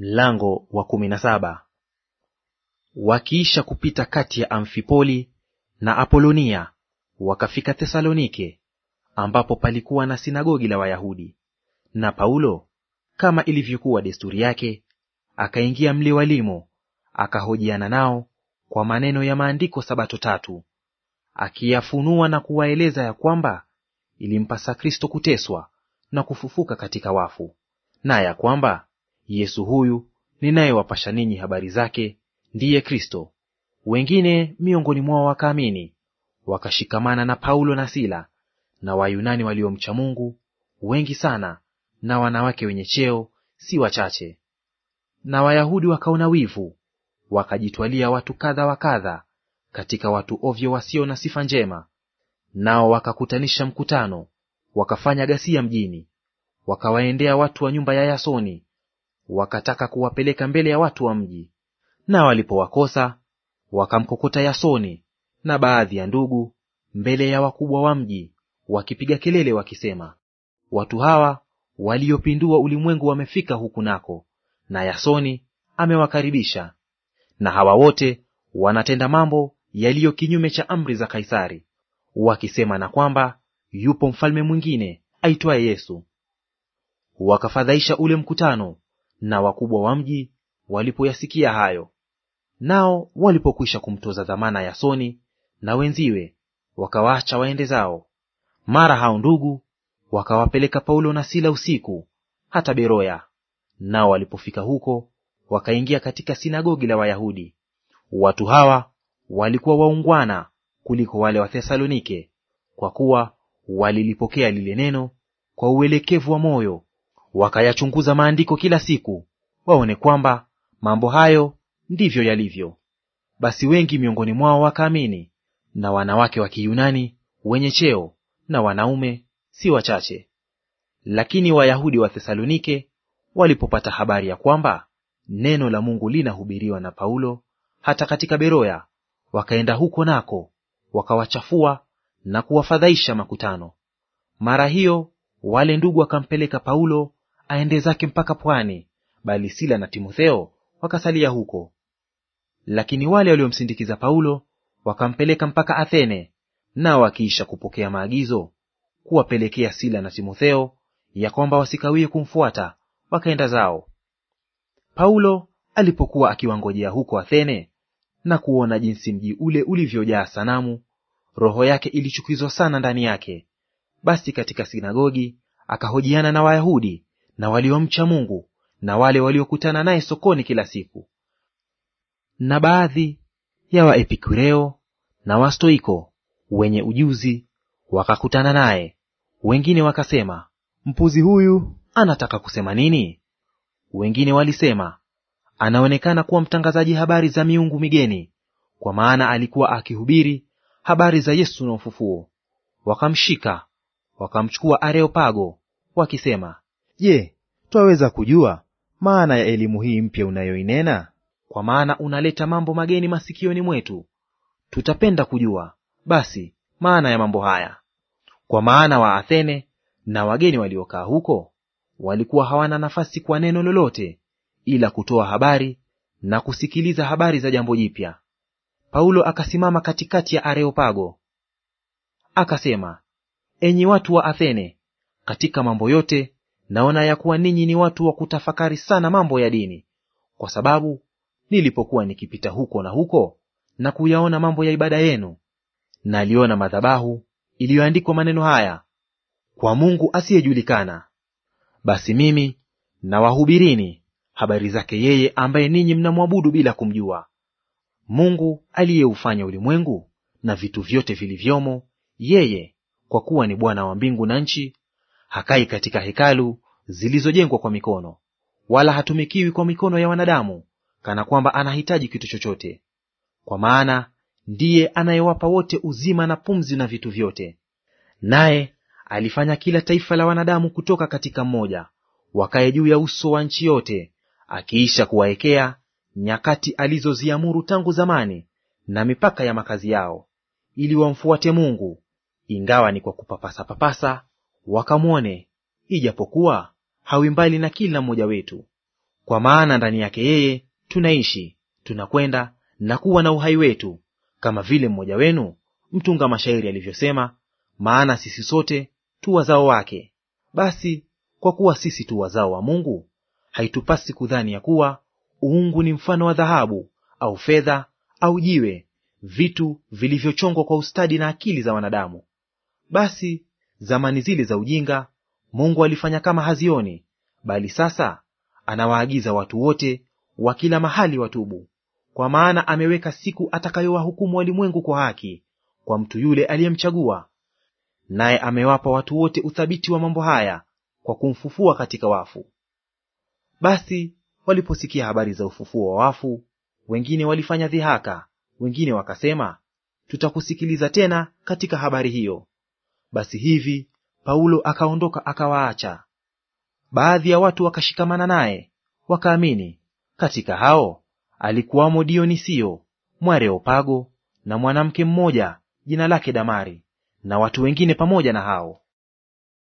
Mlango wa kumi na saba. Wakiisha kupita kati ya Amfipoli na Apolonia wakafika Thesalonike, ambapo palikuwa na sinagogi la Wayahudi. Na Paulo, kama ilivyokuwa desturi yake, akaingia mle walimo, akahojiana nao kwa maneno ya maandiko sabato tatu, akiyafunua na kuwaeleza ya kwamba ilimpasa Kristo kuteswa na kufufuka katika wafu, na ya kwamba Yesu huyu ninayewapasha ninyi habari zake ndiye Kristo. Wengine miongoni mwao wakaamini, wakashikamana na Paulo na Sila na Wayunani waliomcha Mungu wengi sana, na wanawake wenye cheo si wachache. Na Wayahudi wakaona wivu, wakajitwalia watu kadha wa kadha katika watu ovyo wasio na sifa njema, nao wakakutanisha mkutano, wakafanya ghasia mjini, wakawaendea watu wa nyumba ya Yasoni wakataka kuwapeleka mbele ya watu wa mji. Na walipowakosa wakamkokota Yasoni na baadhi ya ndugu mbele ya wakubwa wa mji, wakipiga kelele wakisema, watu hawa waliopindua ulimwengu wamefika huku nako, na Yasoni amewakaribisha, na hawa wote wanatenda mambo yaliyo kinyume cha amri za Kaisari, wakisema na kwamba yupo mfalme mwingine aitwaye Yesu. Wakafadhaisha ule mkutano na wakubwa wa mji walipoyasikia hayo, nao walipokwisha kumtoza dhamana Yasoni na wenziwe, wakawaacha waende zao. Mara hao ndugu wakawapeleka Paulo na Sila usiku hata Beroya. Nao walipofika huko, wakaingia katika sinagogi la Wayahudi. Watu hawa walikuwa waungwana kuliko wale wa Thesalonike, kwa kuwa walilipokea lile neno kwa uelekevu wa moyo wakayachunguza maandiko kila siku, waone kwamba mambo hayo ndivyo yalivyo. Basi wengi miongoni mwao wakaamini, na wanawake wa Kiyunani wenye cheo na wanaume si wachache. Lakini Wayahudi wa Thesalonike walipopata habari ya kwamba neno la Mungu linahubiriwa na Paulo hata katika Beroya, wakaenda huko nako wakawachafua na kuwafadhaisha makutano. Mara hiyo wale ndugu wakampeleka Paulo aende zake mpaka pwani, bali Sila na Timotheo wakasalia huko. Lakini wale waliomsindikiza Paulo wakampeleka mpaka Athene, nao wakiisha kupokea maagizo kuwapelekea Sila na Timotheo ya kwamba wasikawie kumfuata, wakaenda zao. Paulo alipokuwa akiwangojea huko Athene na kuona jinsi mji ule ulivyojaa sanamu, roho yake ilichukizwa sana ndani yake. Basi katika sinagogi akahojiana na Wayahudi na waliomcha Mungu na wale waliokutana naye sokoni kila siku. Na baadhi ya Waepikureo na Wastoiko wenye ujuzi wakakutana naye, wengine wakasema, mpuzi huyu anataka kusema nini? Wengine walisema, anaonekana kuwa mtangazaji habari za miungu migeni, kwa maana alikuwa akihubiri habari za Yesu na ufufuo. Wakamshika wakamchukua Areopago, wakisema, Je, twaweza kujua maana ya elimu hii mpya unayoinena? Kwa maana unaleta mambo mageni masikioni mwetu. Tutapenda kujua basi maana ya mambo haya. Kwa maana wa athene na wageni waliokaa huko walikuwa hawana nafasi kwa neno lolote, ila kutoa habari na kusikiliza habari za jambo jipya. Paulo akasimama katikati ya Areopago akasema, enyi watu wa Athene, katika mambo yote naona ya kuwa ninyi ni watu wa kutafakari sana mambo ya dini, kwa sababu nilipokuwa nikipita huko na huko na kuyaona mambo ya ibada yenu, naliona madhabahu iliyoandikwa maneno haya, kwa Mungu asiyejulikana. Basi mimi nawahubirini habari zake yeye ambaye ninyi mnamwabudu bila kumjua, Mungu aliyeufanya ulimwengu na vitu vyote vilivyomo, yeye kwa kuwa ni Bwana wa mbingu na nchi, hakai katika hekalu zilizojengwa kwa mikono, wala hatumikiwi kwa mikono ya wanadamu, kana kwamba anahitaji kitu chochote. Kwa maana ndiye anayewapa wote uzima na pumzi na vitu vyote, naye alifanya kila taifa la wanadamu kutoka katika mmoja, wakaye juu ya uso wa nchi yote, akiisha kuwaekea nyakati alizoziamuru tangu zamani na mipaka ya makazi yao, ili wamfuate Mungu, ingawa ni kwa kupapasa papasa wakamwone, ijapokuwa hawi mbali na kila mmoja wetu, kwa maana ndani yake yeye tunaishi, tunakwenda na kuwa na uhai wetu, kama vile mmoja wenu mtunga mashairi alivyosema, maana sisi sote tu wazao wake. Basi kwa kuwa sisi tu wazao wa Mungu, haitupasi kudhani ya kuwa uungu ni mfano wa dhahabu au fedha au jiwe, vitu vilivyochongwa kwa ustadi na akili za wanadamu. Basi zamani zile za ujinga Mungu alifanya kama hazioni, bali sasa anawaagiza watu wote wa kila mahali watubu, kwa maana ameweka siku atakayowahukumu walimwengu kwa haki kwa mtu yule aliyemchagua, naye amewapa watu wote uthabiti wa mambo haya kwa kumfufua katika wafu. Basi waliposikia habari za ufufuo wa wafu, wengine walifanya dhihaka, wengine wakasema, tutakusikiliza tena katika habari hiyo. Basi hivi Paulo akaondoka akawaacha. Baadhi ya watu wakashikamana naye wakaamini. Katika hao alikuwamo Dionisio Mwareopago na mwanamke mmoja jina lake Damari na watu wengine pamoja na hao.